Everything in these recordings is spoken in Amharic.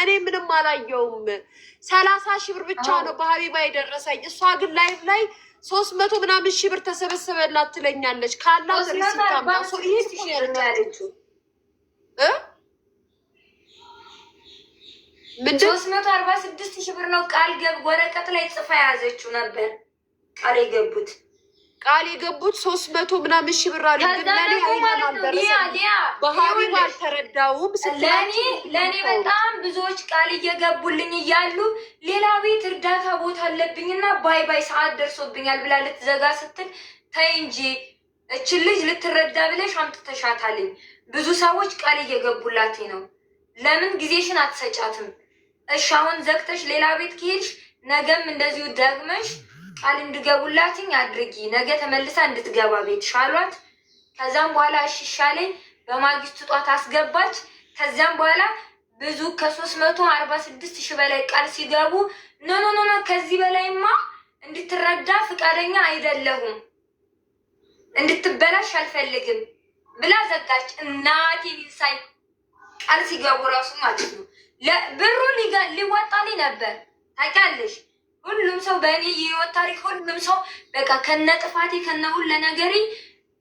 እኔ ምንም አላየውም። ሰላሳ ሺህ ብር ብቻ ነው በሀቢባ የደረሰኝ። እሷ ግን ላይቭ ላይ ሶስት መቶ ምናምን ሺህ ብር ተሰበሰበላት ትለኛለች። ካላት ሪሲታማሶ ምንድን ሶስት መቶ አርባ ስድስት ሺህ ብር ነው ቃል ገብ ወረቀት ላይ ጽፋ የያዘችው ነበር ቃል የገቡት ቃል የገቡት ሶስት መቶ ምናምን ሺ ብር አሉ። ግን አልተረዳውም። ለእኔ በጣም ብዙዎች ቃል እየገቡልኝ እያሉ ሌላ ቤት እርዳታ ቦታ አለብኝና ባይ ባይ ሰዓት ደርሶብኛል ብላ ልትዘጋ ስትል ተይ እንጂ እች ልጅ ልትረዳ ብለሽ አምጥተሻታልኝ። ብዙ ሰዎች ቃል እየገቡላት ነው። ለምን ጊዜሽን አትሰጫትም? እሺ አሁን ዘግተሽ ሌላ ቤት ከሄድሽ ነገም እንደዚሁ ደግመሽ ቃል እንድገቡላትኝ አድርጊ ነገ ተመልሳ እንድትገባ ቤት ሻሏት። ከዛም በኋላ እሺ ይሻለኝ በማግስቱ ጧት አስገባች። ከዚያም በኋላ ብዙ ከሶስት መቶ አርባ ስድስት ሺህ በላይ ቃል ሲገቡ ኖ ኖ ኖ ከዚህ በላይማ እንድትረዳ ፍቃደኛ አይደለሁም እንድትበላሽ አልፈልግም ብላ ዘጋች። እናቴ ሳይ ቃል ሲገቡ ራሱ ማለት ነው ብሩ ሊዋጣልኝ ነበር ታውቂያለሽ ሁሉም ሰው በእኔ የህይወት ታሪክ ሁሉም ሰው በቃ ከነ ጥፋቴ ከነ ሁለ ነገሬ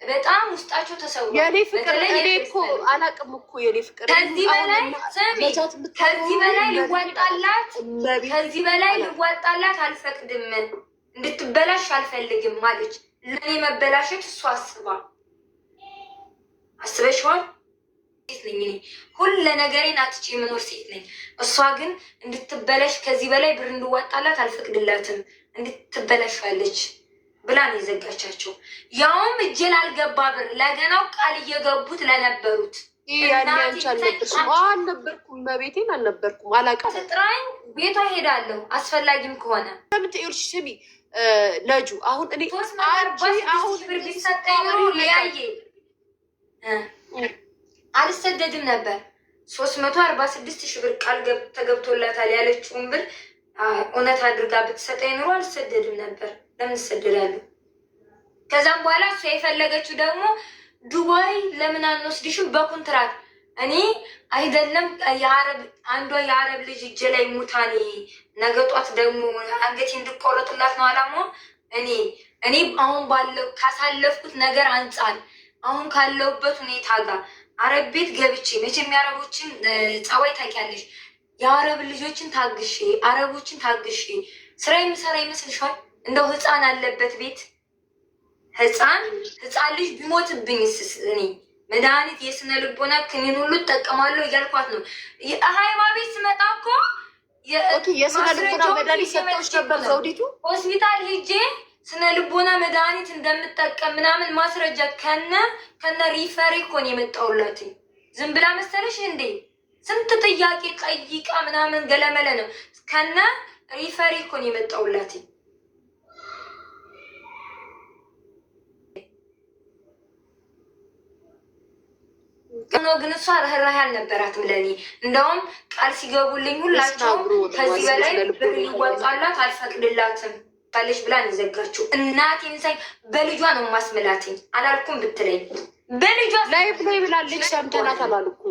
በጣም ውስጣቸው ተሰውሯል። የኔ ፍቅር እኮ አላቅም እኮ የኔ ፍቅር ከዚህ በላይ ስሚ፣ ከዚህ በላይ ልዋጣላት ከዚህ በላይ ልዋጣላት አልፈቅድም፣ እንድትበላሽ አልፈልግም አለች። ለእኔ መበላሸት እሱ አስቧል። አስበሽዋል ሴት ነኝ እኔ ሁለ ነገሬን አጥቼ የምኖር ሴት ነኝ። እሷ ግን እንድትበለሽ ከዚህ በላይ ብር እንድዋጣላት አልፈቅድላትም እንድትበላሻለች ብላ ነው የዘጋቻቸው። ያውም እጄ አልገባ ብር ለገናው ቃል እየገቡት ለነበሩት አልነበርኩም በቤቴን አልነበርኩም አላውቅም። ስጥራኝ ቤቷ ሄዳለሁ አስፈላጊም ከሆነ ምትርሽ ስሚ ለጁ አሁን እኔ አሁን ብር ቢሰጠ ያየ አልሰደድም ነበር። ሶስት መቶ አርባ ስድስት ሺህ ብር ቃል ተገብቶላታል ያለችውን ብር እውነት አድርጋ ብትሰጠኝ ኑሮ አልሰደድም ነበር። ለምን እሰደዳለሁ? ከዛም በኋላ እሷ የፈለገችው ደግሞ ዱባይ ለምን አንወስድሽም በኩንትራት እኔ አይደለም የአረብ አንዷ የአረብ ልጅ እጄ ላይ ሙታኔ ነገጧት ደግሞ አንገቴ እንድቆረጡላት ነው አላማ። እኔ እኔ አሁን ባለው ካሳለፍኩት ነገር አንጻር አሁን ካለውበት ሁኔታ ጋር አረብ ቤት ገብቼ መቼም የአረቦችን ጸባይ ታውቂያለሽ። የአረብ ልጆችን ታግሼ አረቦችን ታግሼ ስራ የምሰራ ይመስልሻል? እንደው ህፃን አለበት ቤት ህፃን ህፃን ልጅ ቢሞትብኝ እኔ መድኃኒት የስነ ልቦና ክኒን ሁሉ እጠቀማለሁ እያልኳት ነው። ሀይማ ቤት ስመጣ እኮ የስነ ልቦና መድኃኒት ሰጥተውሽ ነበር ዘውዲቱ ሆስፒታል ሄጄ ስነ ልቦና መድኃኒት እንደምጠቀም ምናምን ማስረጃ ከነ ከነ ሪፈሪ እኮ ነው የመጣሁላት። ዝም ብላ መሰለሽ እንዴ? ስንት ጥያቄ ጠይቃ ምናምን ገለመለ ነው ከነ ሪፈሪ እኮ ነው የመጣሁላት። ኖ ግን እሷ ርህራሄ አልነበራትም ለእኔ። እንደውም ቃል ሲገቡልኝ ሁላቸውም ከዚህ በላይ ብር ይወጣላት አልፈቅድላትም ባለሽ ብላ ነው እናቴን ሳይ በልጇ ነው ማስመላትኝ አላልኩም ብትለኝ በልጇ ላይ ብሎ ይብላለች። ሰምተናት አላልኩ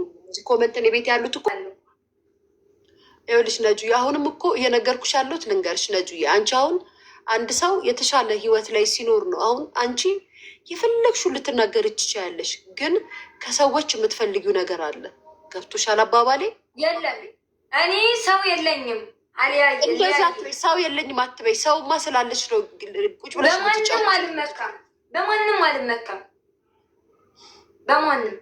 ኮመንትን ቤት ያሉት እኮ ይኸውልሽ ነጁዬ፣ አሁንም እኮ እየነገርኩሽ ያሉት ልንገርሽ ነጁዬ፣ አንቺ አሁን አንድ ሰው የተሻለ ህይወት ላይ ሲኖር ነው። አሁን አንቺ የፈለግሽው ልትናገር ትችያለሽ፣ ግን ከሰዎች የምትፈልጊው ነገር አለ። ገብቶሻል አባባሌ? የለም እኔ ሰው የለኝም ሰው የለኝም አትበይ። ሰውማ ስላለች ነው ቁጭ ብለሽ በማንም አልመካም፣ በማንም አልመካም፣ በማንም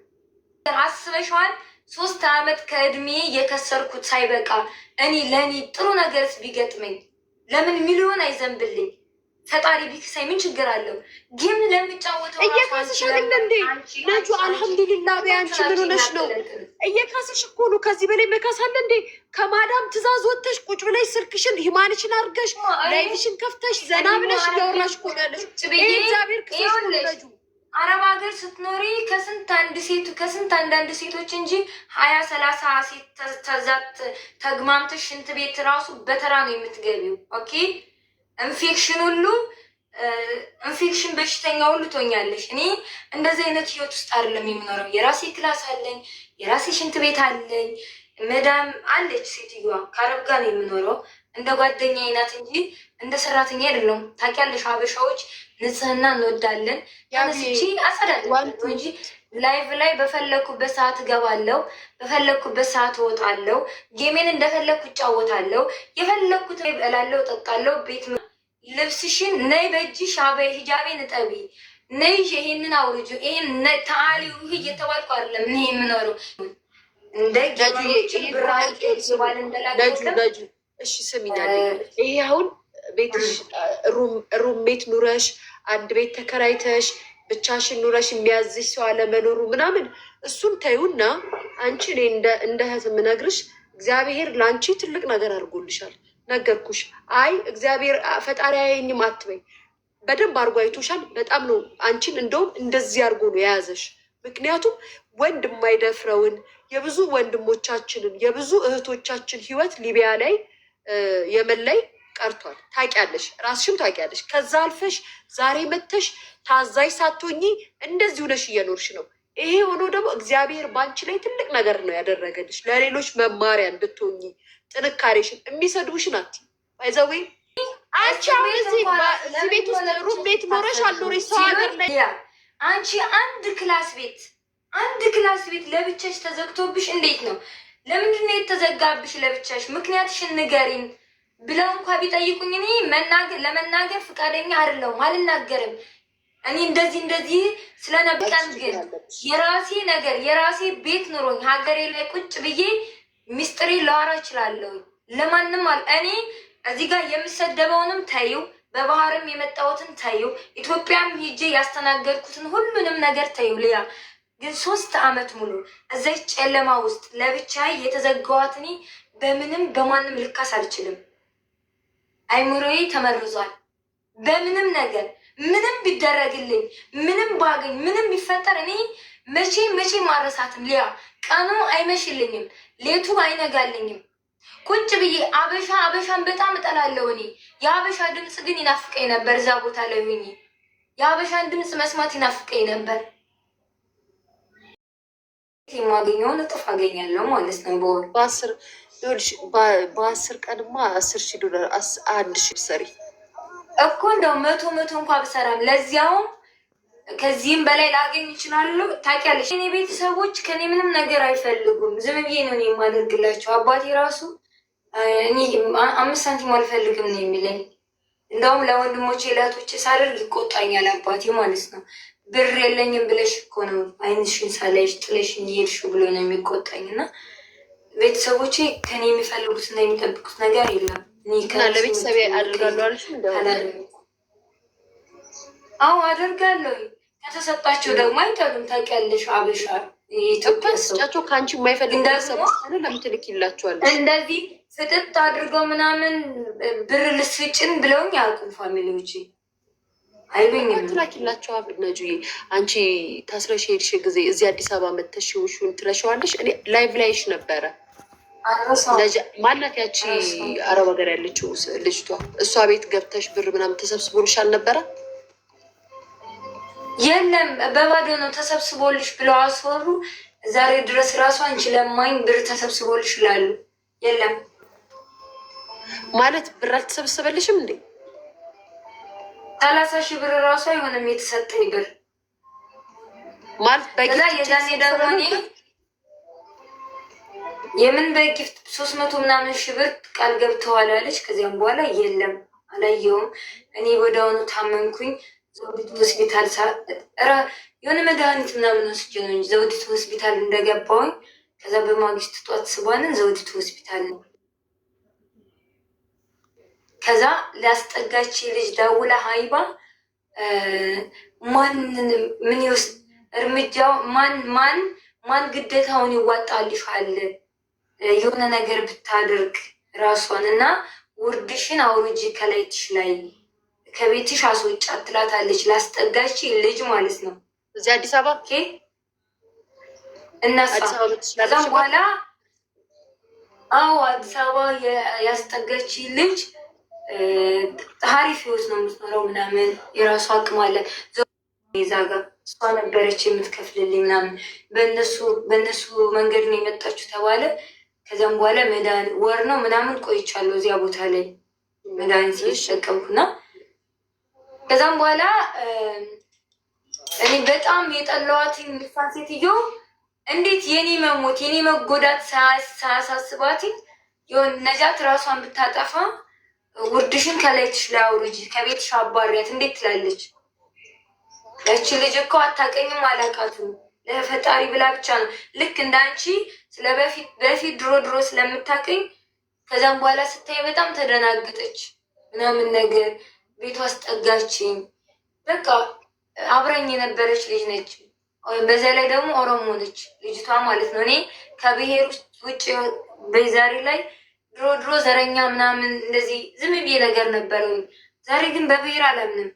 አስበሽዋል። ሶስት አመት ከእድሜ የከሰርኩት ሳይበቃ እኔ ለእኔ ጥሩ ነገርስ ቢገጥመኝ ለምን ሚሊዮን አይዘንብልኝ? ፈጣሪ ቢክሳይ ምን ችግር አለው? ጌም ለምጫወተው እየካስሽ አይደለ እንዴ ነጁ? አልሐምዱሊላህ በያንቺ ምን ሆነሽ ነው? እየካስሽ እኮ ነው። ከዚህ በላይ መካስ አለ እንዴ? ከማዳም ትእዛዝ ወጥተሽ ቁጭ ብለሽ ስልክሽን ሂማንሽን አድርገሽ ላይሽን ከፍተሽ ዘና ብለሽ እያወራሽ እኮ ነው ያለሽ። እግዚአብሔር ክሶሽ ነው ነጁ። አረብ ሀገር ስትኖሪ ከስንት አንድ ሴት ከስንት አንዳንድ ሴቶች እንጂ ሀያ ሰላሳ ሴት ተዛት ተግማምተሽ ሽንት ቤት ራሱ በተራ ነው የምትገቢው። ኦኬ ኢንፌክሽን ሁሉ ኢንፌክሽን በሽተኛ ሁሉ ትሆኛለሽ። እኔ እንደዚህ አይነት ህይወት ውስጥ አይደለም የምኖረው። የራሴ ክላስ አለኝ፣ የራሴ ሽንት ቤት አለኝ። መዳም አለች ሴትዮዋ፣ ከአረብ ጋር ነው የምኖረው። እንደ ጓደኛ አይነት እንጂ እንደ ሰራተኛ አይደለም። ታውቂያለሽ፣ ሀበሻዎች ንጽህና እንወዳለን። ያንስቺ አጸዳለን እንጂ ላይቭ ላይ በፈለግኩበት ሰዓት እገባለሁ፣ በፈለግኩበት ሰዓት እወጣለሁ፣ ጌሜን እንደፈለግኩ እጫወታለሁ፣ የፈለግኩት እበላለሁ፣ እጠጣለሁ። ቤት ልብስሽን ነይ በእጅሽ አበይ ሂጃቤን እጠቢ ነይ ይሄንን አውርጁ ይሄን ተአሊ ውህ እየተባልኩ አይደለም እኔ የምኖረው እንደ ጅራጅ እሺ፣ ስሚኛል ይሄ አሁን ቤትሽ ሩም ቤት ኑረሽ አንድ ቤት ተከራይተሽ ብቻሽን ኑረሽ የሚያዝሽ ሰው አለመኖሩ ምናምን እሱን ተዩና፣ አንቺ እኔ እንደ እህት የምነግርሽ እግዚአብሔር ለአንቺ ትልቅ ነገር አድርጎልሻል። ነገርኩሽ። አይ እግዚአብሔር ፈጣሪ አያየኝም አትበይ። በደንብ አድርጎ አይቶሻል። በጣም ነው አንቺን እንደውም እንደዚህ አድርጎ ነው የያዘሽ። ምክንያቱም ወንድ የማይደፍረውን የብዙ ወንድሞቻችንን የብዙ እህቶቻችን ህይወት ሊቢያ ላይ የመን ላይ ቀርቷል። ታውቂያለሽ፣ ራስሽም ታውቂያለሽ። ከዛ አልፈሽ ዛሬ መተሽ ታዛዥ ሳትሆኚ እንደዚህ ሆነሽ እየኖርሽ ነው። ይሄ ሆኖ ደግሞ እግዚአብሔር ባንቺ ላይ ትልቅ ነገር ነው ያደረገልሽ፣ ለሌሎች መማሪያ እንድትሆኚ ጥንካሬሽን። የሚሰድቡሽን አትይ ይዘዌ አንቺ አሁን እዚህ ቤት ውስጥ ሩም ቤት ኖረሽ አልኖረሽ ሰው ሀገር ላይ አንቺ አንድ ክላስ ቤት አንድ ክላስ ቤት ለብቻሽ ተዘግቶብሽ እንዴት ነው? ለምንድን ነው የተዘጋብሽ ለብቻሽ? ምክንያትሽን ንገሪን። ብለው እንኳ ቢጠይቁኝ እኔ ለመናገር ፈቃደኛ አይደለሁም፣ አልናገርም። እኔ እንደዚህ እንደዚህ ስለነበቀን ግን የራሴ ነገር የራሴ ቤት ኑሮኝ ሀገሬ ላይ ቁጭ ብዬ ሚስጥሬ ላወራ እችላለሁ። ለማንም አል እኔ እዚህ ጋር የምሰደበውንም ተይው፣ በባህርም የመጣሁትን ተይው፣ ኢትዮጵያም ሂጄ ያስተናገድኩትን ሁሉንም ነገር ተይው። ሌላ ግን ሶስት አመት ሙሉ እዛች ጨለማ ውስጥ ለብቻ የተዘጋኋት እኔ በምንም በማንም ልካስ አልችልም። አይምሮዬ ተመርዟል። በምንም ነገር ምንም ቢደረግልኝ ምንም ባገኝ ምንም ቢፈጠር እኔ መቼ መቼ ማረሳትም ሊያ ቀኑ አይመሽልኝም፣ ሌቱ አይነጋልኝም። ቁጭ ብዬ አበሻ አበሻን በጣም እጠላለሁ እኔ። የአበሻ ድምፅ ግን ይናፍቀኝ ነበር። እዛ ቦታ ላይ ሆኜ የአበሻን ድምፅ መስማት ይናፍቀኝ ነበር። የማገኘውን እጥፍ አገኛለሁ ማለት ነው በወር ይኸውልሽ በአስር ቀንማ አስር ሺህ ዶላር አንድ ሺህ ብትሰሪ እኮ እንደው መቶ መቶ እንኳ ብሰራም ለዚያውም ከዚህም በላይ ላገኝ ይችላሉ። ታውቂያለሽ፣ እኔ ቤተሰቦች ከኔ ምንም ነገር አይፈልጉም። ዝም ብዬ ነው እኔ የማደርግላቸው። አባቴ ራሱ አምስት ሳንቲም አልፈልግም ነው የሚለኝ። እንደውም ለወንድሞቼ እህቶቼ ሳደርግ ይቆጣኛል አባቴ ማለት ነው። ብር የለኝም ብለሽ እኮ ነው አይንሽን ሳላይሽ ጥለሽኝ የሄድሽው ብሎ ነው የሚቆጣኝ እና ቤተሰቦቼ ከኔ የሚፈልጉት እና የሚጠብቁት ነገር የለም። ለቤተሰብ አደርጋለሁ። አዎ አደርጋለሁ። ከተሰጣቸው ደግሞ አይጠሉም። ታውቂያለሽ፣ አበሻ ኢትዮጵያ ሰው ከአንቺ የማይፈልግ ይላቸዋል። እንደዚህ ፍጥጥ አድርገው ምናምን ብር ልስጭን ብለውኝ አያውቁም ፋሚሊዎች ትላኪላቸው ነጁ አንቺ ታስረሽ ሄድሽ ጊዜ እዚህ አዲስ አበባ መተሽ ውሹን ትረሸዋለሽ። እኔ ላይቭ ላይሽ ነበረ ማናት ያቺ አረብ ሀገር ያለችው ልጅቷ? እሷ ቤት ገብተሽ ብር ምናምን ተሰብስቦልሽ ነበረ? የለም በባዶ ነው ተሰብስቦልሽ ብለው አስወሩ። ዛሬ ድረስ ራሱ አንቺ ለማኝ ብር ተሰብስቦልሽ ይላሉ። የለም ማለት ብር አልተሰበሰበልሽም እንዴ? ሰላሳ ሺህ ብር ራሱ አይሆንም የተሰጠኝ ብር ማለት በዛ የዛኔ ደግሞ የምን በጊፍት ሶስት መቶ ምናምን ሺህ ብር ቃል ገብተዋል አለች። ከዚያም በኋላ የለም አላየውም። እኔ ወዲያውኑ ታመንኩኝ። ዘውዲቱ ሆስፒታል ሳ የሆነ መድኃኒት ምናምን ወስጄ ነው ዘውዲቱ ሆስፒታል እንደገባውኝ። ከዛ በማግስት ጧት ስቧንን ዘውዲቱ ሆስፒታል ነው። ከዛ ላስጠጋች ልጅ ዳውላ ሀይባ ማንን ምን ይወስ እርምጃው ማን ማን ማን ግዴታውን ይዋጣልሻል የሆነ ነገር ብታደርግ ራሷን እና ውርድሽን አውርጂ ከላይትሽ ላይ ከቤትሽ አስወጫ ትላታለች። ላስጠጋች ልጅ ማለት ነው እዚህ አዲስ አበባ እና ከዛም በኋላ አዎ አዲስ አበባ ያስጠጋች ልጅ ሀሪፍ ህይወት ነው የምትኖረው፣ ምናምን የራሱ አቅም አለ። ዛ ጋር እሷ ነበረች የምትከፍልልኝ ምናምን፣ በእነሱ መንገድ ነው የመጣችሁ ተባለ። ከዚያም በኋላ መድኃኒት ወር ነው ምናምን ቆይቻለሁ እዚያ ቦታ ላይ መድኃኒት እየተጠቀምኩና ከዛም በኋላ እኔ በጣም የጠላዋትን ልፋ ሴትዮ እንዴት የኔ መሞት የኔ መጎዳት ሳያሳስባትኝ የሆን ነጃት ራሷን ብታጠፋ ውርድሽን ከላይትሽ ላይ አውርጅ ከቤትሽ አባሪያት እንዴት ትላለች? እች ልጅ እኮ አታቀኝም አላቃትም ለፈጣሪ ብላ ብቻ ነው። ልክ እንደ አንቺ ስለ በፊት ድሮ ድሮ ስለምታቀኝ ከዛም በኋላ ስታይ በጣም ተደናግጠች ምናምን ነገር ቤቷ አስጠጋችኝ። በቃ አብረኝ የነበረች ልጅ ነች። በዛ ላይ ደግሞ ኦሮሞ ነች ልጅቷ ማለት ነው። እኔ ከብሔር ውጭ በዛሬ ላይ ድሮ ድሮ ዘረኛ ምናምን እንደዚህ ዝም ብዬ ነገር ነበረኝ። ዛሬ ግን በብሔር አላምንም።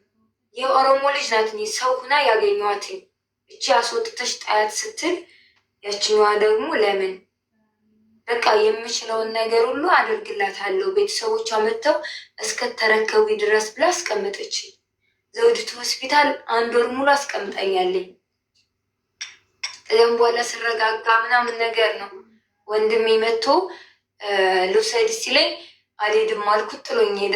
የኦሮሞ ልጅ ናት ሰው ሁና ያገኘዋትኝ እቺ አስወጥተሽ ጣያት ስትል ያችኛዋ ደግሞ ለምን በቃ የምችለውን ነገር ሁሉ አደርግላታለሁ ቤተሰቦቿ መጥተው እስከተረከቡ ድረስ ብላ አስቀምጠች። ዘውዲቱ ሆስፒታል አንድ ወር ሙሉ አስቀምጠኛለኝ። ከዚያም በኋላ ስረጋጋ ምናምን ነገር ነው ወንድሜ መጥቶ ልውሰድ ሲለኝ አልሄድም አልኩት። ጥሎኝ ሄደ።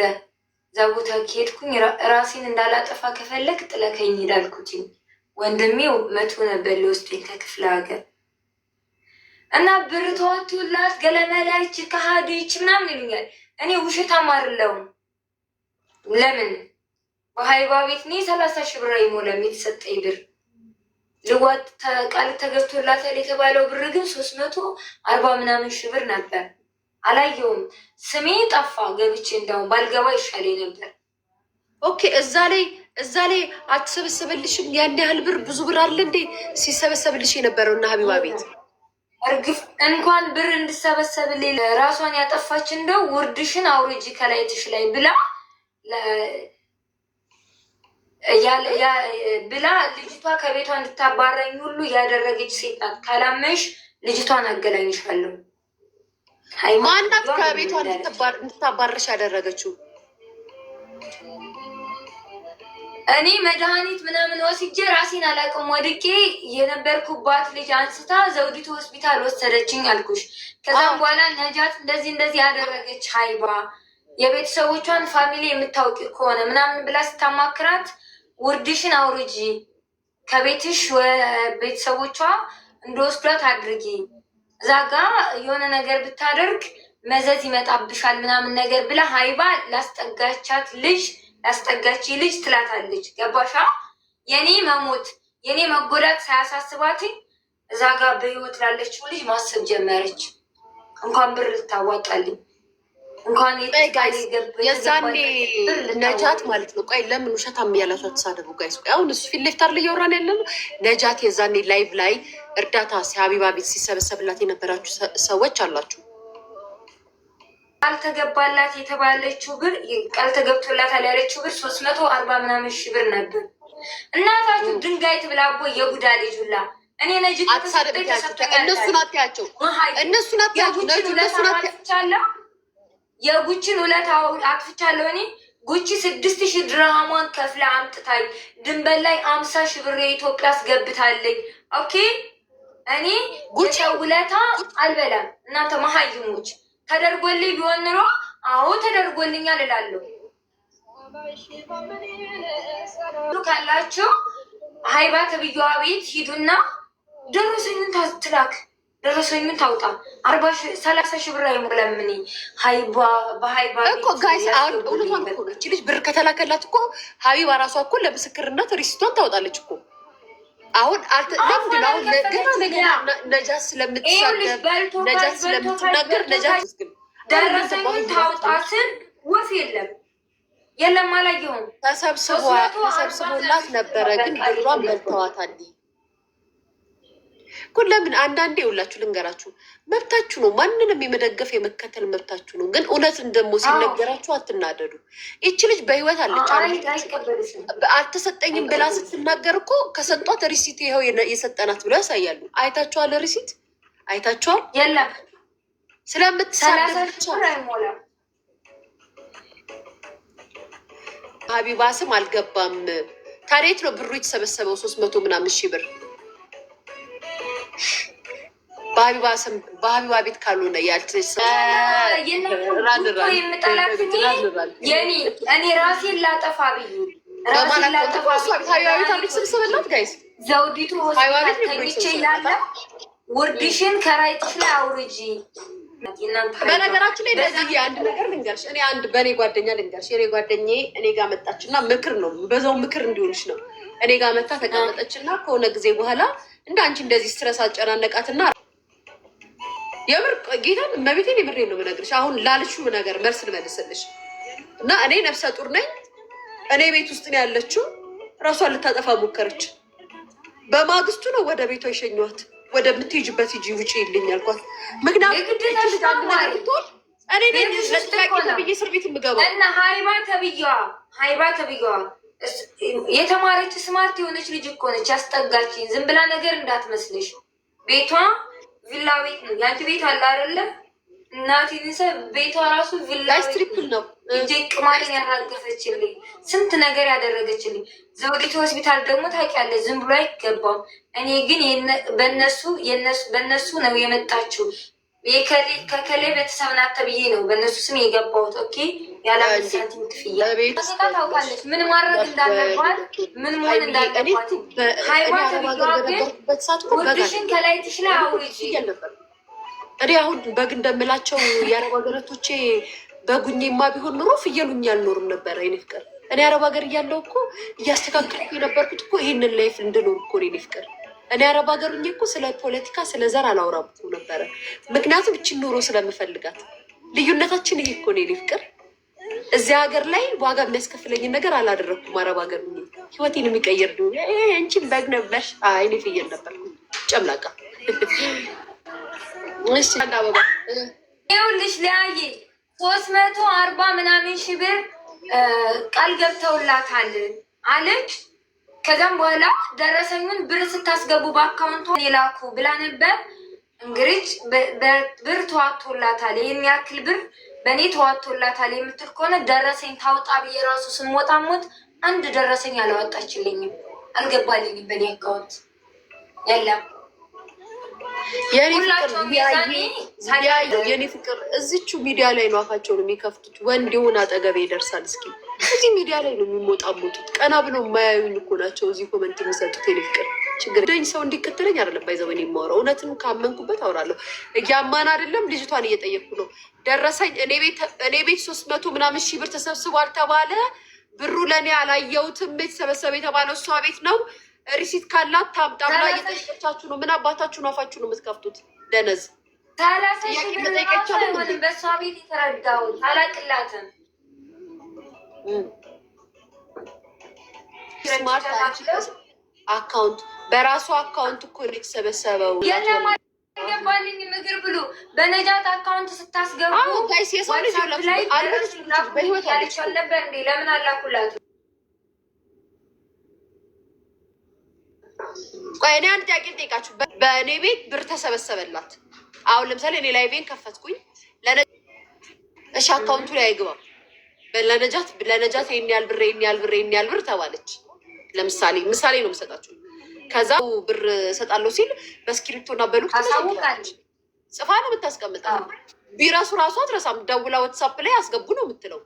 እዛ ቦታ ከሄድኩኝ ራሴን እንዳላጠፋ ከፈለግ ጥለከኝ ሄዳልኩትኝ ወንድሜው መቶ ነበር ለወስዶኝ ከክፍለ ሀገር እና ብር ተዋቱላት ገለመላች ከሀዲች ምናምን ይሉኛል። እኔ ውሸት አማርለውም። ለምን በሀይባ ቤት እኔ ሰላሳ ሺህ ብር አይሞላም የተሰጠኝ ብር ልዋት ቃል ተገብቶላታል የተባለው ብር ግን ሶስት መቶ አርባ ምናምን ሺህ ብር ነበር። አላየውም። ስሜ ጠፋ። ገብቼ እንዳውም ባልገባ ይሻለኝ ነበር። ኦኬ እዛ ላይ እዛ ላይ አትሰበሰበልሽም? ያን ያህል ብር ብዙ ብር አለ እንዴ ሲሰበሰብልሽ የነበረው እና ሀቢባ ቤት እርግፍ እንኳን ብር እንድሰበሰብልኝ ራሷን ያጠፋች እንደው ውርድሽን አውርጂ ከላይትሽ ላይ ብላ ብላ ልጅቷ ከቤቷ እንድታባረኝ ሁሉ ያደረገች ሴት ናት። ካላመሽ ልጅቷን አገላኝሻለሁ። ማናት ከቤቷ እንድታባረሽ ያደረገችው? እኔ መድኃኒት ምናምን ወስጄ ራሴን አላቅም ወድቄ የነበርኩባት ልጅ አንስታ ዘውዲቱ ሆስፒታል ወሰደችኝ አልኩሽ። ከዛም በኋላ ነጃት እንደዚህ እንደዚህ ያደረገች ሀይባ የቤተሰቦቿን ፋሚሊ የምታውቂ ከሆነ ምናምን ብላ ስታማክራት ውርድሽን አውርጂ ከቤትሽ ቤተሰቦቿ እንደወስዷት አድርጊ፣ እዛ ጋ የሆነ ነገር ብታደርግ መዘዝ ይመጣብሻል ምናምን ነገር ብላ ሀይባ ላስጠጋቻት ልጅ ያስጠጋች ልጅ ትላታለች። ገባሻ? የኔ መሞት የኔ መጎዳት ሳያሳስባት እዛ ጋር በህይወት ላለችው ልጅ ማሰብ ጀመረች። እንኳን ብር ልታዋጣልኝ እንኳን ነጃት ማለት ነው። ቆይ ለምን ውሸታም እያላችሁ አትሳደቡ ጋይስ። ቆይ አሁን እሱ ፊት ለፊት አይደል እያወራን ያለ ነው። ነጃት የዛኔ ላይቭ ላይ እርዳታ ሀቢባ ቤት ሲሰበሰብላት የነበራችሁ ሰዎች አላችሁ አልተገባላት የተባለችው ብር አልተገብቶላታል ያለችው ብር ሶስት መቶ አርባ ምናምን ሺህ ብር ነበር። እናታችሁ ድንጋይ ትብላ እኮ የጉዳ ልጁላ እኔ ነጅ እነሱን አትያቸው፣ እነሱን አትያቸው። የጉችን ውለት አጥፍቻለሁ እኔ ጉቺ ስድስት ሺህ ድራማን ከፍላ አምጥታኝ ድንበር ላይ አምሳ ሺህ ብር የኢትዮጵያ አስገብታለኝ። ኦኬ እኔ ጉቺ ውለታ አልበላም። እናንተ መሀይሞች ተደርጎልኝ ቢሆን ኑሮ አዎ ተደርጎልኛል እላለሁ። ካላችሁ ሀይባ ተብዬዋ ቤት ሂዱና ደረሰኙን ታትላክ ደረሰኙን ታውጣ። አርባ ሰላሳ ሺህ ብር አይሞላም። እኔ ሀይባ በሀይባ እኮ ጋይስ አሁን እውነቷን እኮ ነች። ልጅ ብር ከተላከላት እኮ ሀቢባ ራሷ እኮ ለምስክርነት ሪስቷን ታወጣለች እኮ አሁን ነጃት ስለምትናገር ደረሰኝ ታውጣትን ወፍ የለም የለም አላየሁም። ተሰብስቦላት ነበረ ግን ብሏን በልተዋታል። እኮ ለምን አንዳንዴ የውላችሁ ልንገራችሁ፣ መብታችሁ ነው። ማንንም የመደገፍ የመከተል መብታችሁ ነው። ግን እውነትን ደግሞ ሲነገራችሁ አትናደዱ። ይቺ ልጅ በህይወት አለች አልተሰጠኝም ብላ ስትናገር እኮ ከሰጧት ሪሲት ይኸው የሰጠናት ብለው ያሳያሉ። አይታችኋል? ሪሲት አይታችኋል? የለም ስለምትሳደብቻ ሀቢባ ስም አልገባም። ታዲያ የት ነው ብሩ የተሰበሰበው? ሶስት መቶ ምናምን ሺህ ብር በሀቢባ ቤት ካልሆነ ያልተሰ እኔ ራሴን ላጠፋ ብዬ ዘውዲቱ ሆስፒታል ውርድሽን ከራይትሽ ላይ አውርጂ። በነገራችን ላይ ለዚህ አንድ ነገር ልንገርሽ፣ እኔ አንድ በእኔ ጓደኛ ልንገርሽ። እኔ ጓደኛ እኔ ጋር መጣችና ምክር ነው በዛው ምክር እንዲሆንሽ ነው። እኔ ጋር መታ ተቀመጠችና ከሆነ ጊዜ በኋላ እንደ አንቺ እንደዚህ ስትረስ አጨናነቃትና የምር ጌታን መቤቴን የምር ነው የምነግርሽ። አሁን ላልሽው ነገር መልስ ልመልስልሽ እና እኔ ነፍሰ ጡር ነኝ። እኔ ቤት ውስጥ ነው ያለችው። ራሷን ልታጠፋ ሞከረች። በማግስቱ ነው ወደ ቤቷ የሸኘኋት። ወደምትሄጂበት ሂጂ፣ ውጪ ይልኝ አልኳት። ምክንያቱም እኔ ብዬ እስር ቤት የምገባው እና ሀይባ ተብዬዋ ሀይባ ተብዬዋ የተማረች ስማርት የሆነች ልጅ እኮ ነች ያስጠጋችኝ። ዝም ብላ ነገር እንዳትመስልሽ። ቤቷ ቪላ ቤት ነው። ያንቺ ቤት አለ አይደለ? እናቴንሰ ቤቷ ራሱ ቪላ ስትሪፕል ነው እንጂ ቅማሌን ያራገፈችልኝ ስንት ነገር ያደረገችልኝ። ዘውዲቱ ሆስፒታል ደግሞ ታውቂያለሽ፣ ዝም ብሎ አይገባም። እኔ ግን በነሱ በነሱ ነው የመጣችው ከከሌ ቤተሰብ ናት ተብዬ ነው በእነሱ ስም የገባሁት። ኦኬ ያለ አምስት ሳንቲም ክፍያ ሴታ ታውቃለች፣ ምን ማድረግ እንዳለባት፣ ምን መሆን እንዳለባት። ሃይማኖት ግን ውድሽን ከላይ ትችላ አውሪጂ። እኔ አሁን በግ እንደምላቸው የአረብ ሀገረቶቼ በጉኝማ ቢሆን ኑሮ ፍየሉኝ አልኖርም ነበረ። የኔ ፍቅር እኔ አረብ ሀገር እያለው እኮ እያስተካከልኩ የነበርኩት እኮ ይህንን ላይፍ እንድኖር እኮ የኔ ፍቅር እኔ አረብ ሀገር ሁኜ እኮ ስለ ፖለቲካ ስለ ዘር አላወራም እኮ ነበረ። ምክንያቱም እችን ኑሮ ስለምፈልጋት ልዩነታችን ይሄ እኮ ነው ፍቅር። እዚያ ሀገር ላይ ዋጋ የሚያስከፍለኝን ነገር አላደረግኩም። አረብ ሀገር ህይወቴን የሚቀይር እንቺን በግ ነበር አይኔ ፍየል ነበር ጨምላቃ ይኸውልሽ ሊያየ ሶስት መቶ አርባ ምናምን ሺህ ብር ቃል ገብተውላታል አለች ከዛም በኋላ ደረሰኙን ብር ስታስገቡ በአካውንቱ የላኩ ብላ ነበር። እንግዲህ ብር ተዋቶላታል፣ ይህን ያክል ብር በእኔ ተዋቶላታል የምትል ከሆነ ደረሰኝ ታውጣ ብዬ ራሱ ስሞጣሞት አንድ ደረሰኝ አላወጣችልኝም፣ አልገባልኝም በእኔ አካውንት የለም። የኔ ፍቅር እዚቹ ሚዲያ ላይ ነው አፋቸውን የሚከፍቱት። ወንድ የሆነ አጠገቤ ይደርሳል እስኪ እዚህ ሚዲያ ላይ ነው የሚሞጣሞጡት። ቀና ብሎ የማያዩኝ እኮ ናቸው እዚህ ኮመንት የሚሰጡት። የፍቅር ችግር ደኝ ሰው እንዲከተለኝ አይደለም ባይዘመን የማወራው እውነትም ካመንኩበት አውራለሁ። እያማን አይደለም ልጅቷን እየጠየቅኩ ነው። ደረሰኝ እኔ ቤት ሶስት መቶ ምናምን ሺህ ብር ተሰብስቧል ተባለ። ብሩ ለእኔ አላየሁትም። የተሰበሰበ የተባለው እሷ ቤት ነው። ሪሲት ካላት ታምጣ ብላ እየጠየቀቻችሁ ነው። ምን አባታችሁን አፋችሁ ነው የምትከፍቱት? ደነዝ ታላሰሽ ጠይቀቻ ቤት የተረዳውን አላቅላትም ስማርት አካውንት በራሱ አካውንት እኮ ነው የተሰበሰበው። ምግር ብሎ በነጃት አካውንት ስታስገቡ ለምን አላኩላት? ቆይ እኔ አንድ ጥያቄ ልጠይቃችሁ። በእኔ ቤት ብር ተሰበሰበላት። አሁን ለምሳሌ እኔ ላይ ቤን ከፈትኩኝ። እሺ አካውንቱ ላይ አይግባም ለነጃት ለነጃት ይሄን ያህል ብር ይሄን ያህል ብር ይሄን ያህል ብር ተባለች። ለምሳሌ ምሳሌ ነው የምሰጣችሁ። ከዛ ብር እሰጣለሁ ሲል በእስክሪብቶ እና በሉክ ጽፋ ነው የምታስቀምጠው። ቢረሱ ራሱ አትረሳም። ደውላ ወትሳፕ ላይ አስገቡ ነው የምትለው።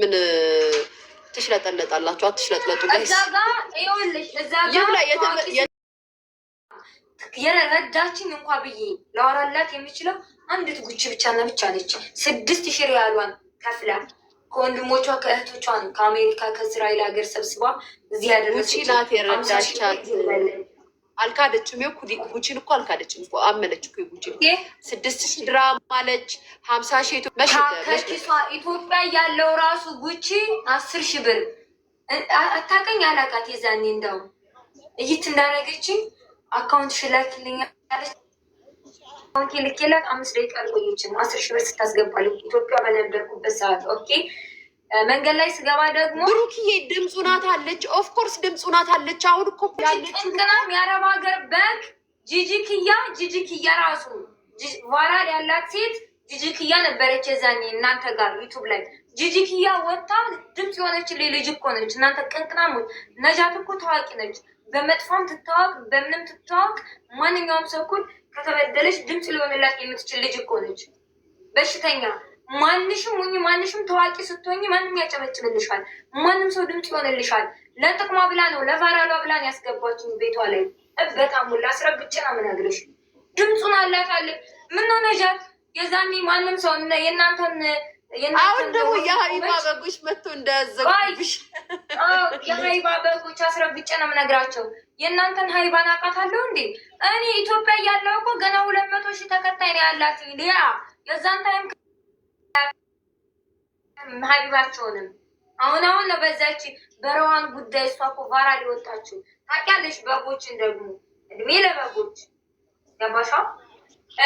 ምን ትሽለጠለጣላችሁ? አትሽለጥለጡ የረዳችን እንኳ ብዬ ለዋራላት የምችለው አንዲት ጉቺ ብቻና ብቻ ነች። ስድስት ሽር ያሏን ከፍላ ከወንድሞቿ ከእህቶቿ ነው ከአሜሪካ ከእስራኤል ሀገር ሰብስባ እዚህ ያደረሰች የረዳቻት አልካደችም። ይኸው ጉቺን እኮ አልካደችም እኮ አመነች እኮ ጉቺን። ስድስት ሺ ድራም አለች ሀምሳ ሺ ከኪሷ ኢትዮጵያ ያለው ራሱ ጉቺ አስር ሺ ብር አታቀኝ አላቃት። የዛኔ እንዳው እይት እንዳረገችኝ አካውንት ሽላክልኝ ኦኬ ልኬላት አምስት ደቂቃ አልቆየችም። አስር ሺህ ብር ስታስገባል ኢትዮጵያ በነበርኩበት ሰዓት ኦኬ። መንገድ ላይ ስገባ ደግሞ ብሩክዬ ድምፁ ናት አለች። ኦፍኮርስ ድምፁ ናት አለች። አሁን እኮ ጭንቅናም የአረብ ሀገር በግ ጂጂ ክያ ራሱ ቫራል ያላት ሴት ጂጂ ክያ ነበረች የዛኔ እናንተ ጋር ዩቱብ ላይ ጂጂ ክያ ወጥታ ድምፅ የሆነች ልጅ እኮ ነች። እናንተ ቅንቅናሞች፣ ነጃት እኮ ታዋቂ ነች። በመጥፋም ትታወቅ በምንም ትታወቅ ማንኛውም ሰው እኩል ከተበደለች ድምፅ ሊሆንላት የምትችል ልጅ እኮ ነች። በሽተኛ ማንሽም ሁኚ ማንሽም ታዋቂ ስትሆኝ ማንም ያጨበጭብልሻል። ማንም ሰው ድምፅ ይሆንልሻል። ለጥቅሟ ብላ ነው ለቫራሏ ብላን ያስገባችን ቤቷ ላይ እበታ ሙላ አስረግጬ ነው የምነግርሽ። ድምፁን አላታለች። ምነው ነጃት የዛኔ ማንም ሰው የእናንተን አሁን ደግሞ የሀይባ በጎች መጥቶ እንዳያዘጉብሽ። የሀይባ በጎች አስረግጬ ነው የምነግራቸው። የእናንተን ሀይባን አውቃታለሁ እንዴ? እኔ ኢትዮጵያ እያለሁ እኮ ገና ሁለት መቶ ሺህ ተከታይ ነው ያላት ሊያ። የዛን ታይም ሀይባቸውንም አሁን አሁን ነው በዛች በረዋን ጉዳይ እሷ እኮ ቫራ ሊወጣችው ታውቂያለሽ። በጎችን ደግሞ እድሜ ለበጎች ገባሻ።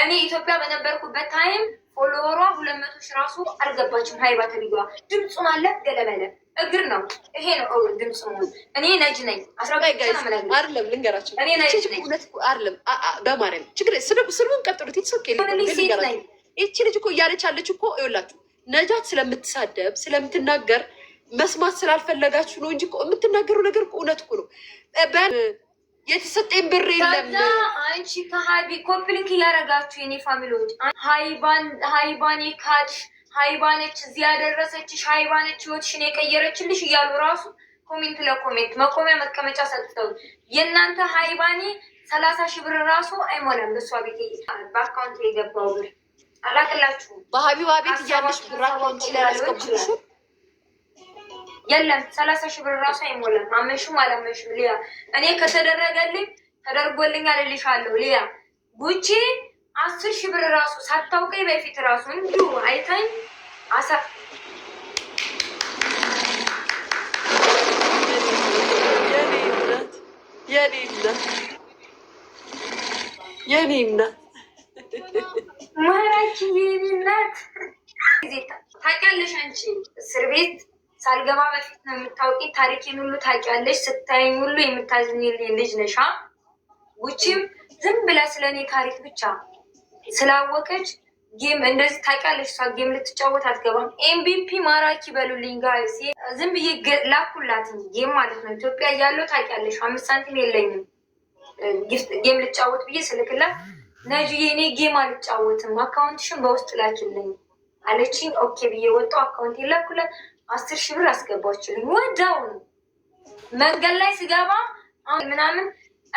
እኔ ኢትዮጵያ በነበርኩበት ታይም ፎሎወሯ ሁለት መቶ ሺህ ራሱ አልገባችም። ሀይባ ተብያ ድምፁን አለ ገለመለ እግር ነው ይሄ ነው ድምፅ እኔ ነጅ ነኝ አይደለም ልንገራቸው አይደለም በማርያም ችግር ስልቡን ቀጥሉት ይቺ ልጅ እኮ እያለች እኮ ይኸውላችሁ ነጃት ስለምትሳደብ ስለምትናገር መስማት ስላልፈለጋችሁ ነው እንጂ የምትናገረው ነገር እውነት እኮ ነው የተሰጠኝ ብር የለም አንቺ ከሀቢ ኮምፕሊክ እያረጋችሁ የኔ ፋሚሊዎች ሀይባን የካድሽ ሀይባነች እዚህ ያደረሰችሽ ሀይባነች ህይወትሽን የቀየረችልሽ እያሉ ራሱ ኮሜንት ለኮሜንት መቆሚያ መቀመጫ ሰጥተው የእናንተ ሀይባኔ ሰላሳ ሺህ ብር ራሱ አይሞላም። በሷ ቤት በአካውንት የገባው ብር አላቅላችሁም። በሀቢባ ቤት እያለሽ ብር አካውንት ላይ የለም ሰላሳ ሺህ ብር ራሱ አይሞላም። አመንሽም አላመንሽም ሊያ፣ እኔ ከተደረገልኝ ተደርጎልኝ አልልሻለሁ ሊያ። ጉቺ አስር ሺህ ብር ራሱ ሳታውቀኝ በፊት ራሱ እንዲሁ አይታኝ የኔ እናት ማራኪ የኔ እናት ታውቂያለሽ፣ አንቺ እስር ቤት ሳልገባ በፊት ነው የምታውቂኝ። ታሪኬን ሁሉ ታውቂያለሽ። ስታይኝ ሁሉ የምታዝኝልኝ ልጅ ነሻ። ውጪም ዝም ብላ ስለእኔ ታሪክ ብቻ ስላወቀች ጌም እንደዚህ ታውቂያለሽ፣ እሷ ጌም ልትጫወት አትገባም። ኤምቢፒ ማራኪ በሉልኝ ጋይስ፣ ዝም ብዬ ላኩላት ጌም ማለት ነው። ኢትዮጵያ እያለሁ ታውቂያለሽ፣ አምስት ሳንቲም የለኝም ጌም ልጫወት ብዬ ስልክላት፣ ነጂዬ እኔ ጌም አልጫወትም አካውንትሽን በውስጥ ላኪልኝ አለችኝ። ኦኬ ብዬ ወጣሁ። አካውንት የላኩላት አስር ሺህ ብር አስገባችልኝ ወዲያው መንገድ ላይ ስገባ ምናምን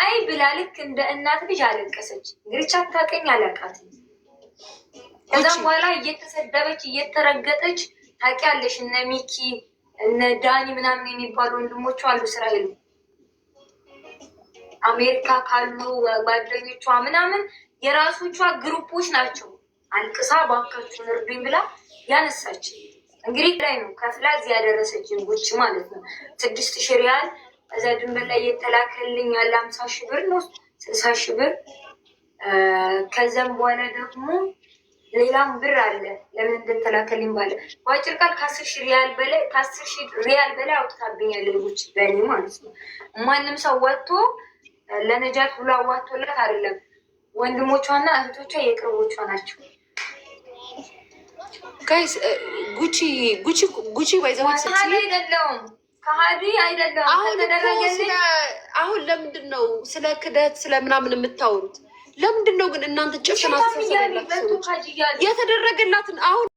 አይ ብላ ልክ እንደ እናት ልጅ አለቀሰች። እንግዲህ አታውቀኝ አላውቃትም ከዛም በኋላ እየተሰደበች እየተረገጠች ታውቂያለሽ። እነ ሚኪ እነ ዳኒ ምናምን የሚባሉ ወንድሞቹ አሉ እስራኤል አሜሪካ ካሉ ጓደኞቿ ምናምን የራሶቿ ግሩፖች ናቸው። አልቅሳ ባካችሁን እርዱኝ ብላ ያነሳች እንግዲህ ላይ ነው ከፍላ እዚህ ያደረሰችን ውጭ ማለት ነው። ስድስት ሺ ሪያል እዛ ድንበር ላይ እየተላከልኝ ያለ ሀምሳ ሺ ብር ነው ስልሳ ሺ ብር ከዚያም በኋላ ደግሞ ሌላም ብር አለ ለምን እንደተላከልኝ ባለ በአጭር ቃል ከአስር ሺህ ሪያል በላይ ከአስር ሺህ ሪያል በላይ አውጥታብኛል። ልጆች በእኔ ማለት ነው። ማንም ሰው ወጥቶ ለነጃት ብሎ አዋቶላት አይደለም። ወንድሞቿና እህቶቿ የቅርቦቿ ናቸው። ጋይስ ጉቺ ጉቺ ጉቺ ባይዘዋ ስለ አይደለውም ከሀዲ አይደለም። አሁን ለምንድን ነው ስለ ክደት ስለምናምን የምታወሩት? ለምንድን ነው ግን እናንተ ጭፍናት የተደረገላትን አሁን